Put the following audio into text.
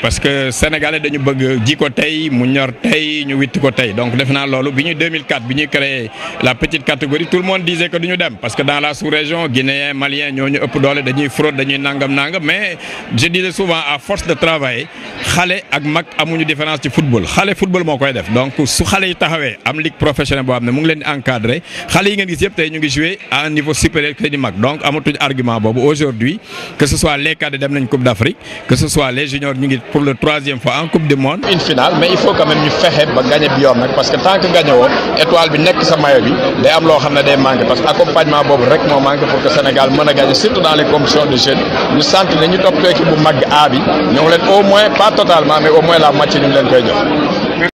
parce que sénégalais dañu bëgg jiko tay mu ñor tay ñu donc depuis 2004 biñu créé la petite catégorie tout le monde disait que nous sommes dem parce que dans la sous-région guinéen malien ñoo ñu ëpp doole dañuy fraude dañuy nangam nangam mais je disais souvent à force de travail xalé ak mag amuñu différence ci football xalé football moo koy def donc su xalé yi taxawee am ligue professionnelle boo xam mu ngi leen encadrer encadré yi ngeen gis ñu ngi à un niveau supérieur que di mag donc amatuñ argument bobu aujourd'hui que ce soit les cadres dem nañ Coupe d'Afrique que ce soit les juniors ñu ngi pour le troisième fois en Coupe du Monde. une finale mais il faut quand même ñu fexé ba pour bi nak parce que tant que gagné l'étoile étoile bi nekk sa maillot bi day am lo xamné day parce que accompagnement bobu rek mo manqué pour que Sénégal mën gagner. surtout dans les commissions de jeunes ñu sentons que ñu top équipe bu mag A bi ñu leen au moins totalement mais au moins la moitié ñu ngi leen koy jox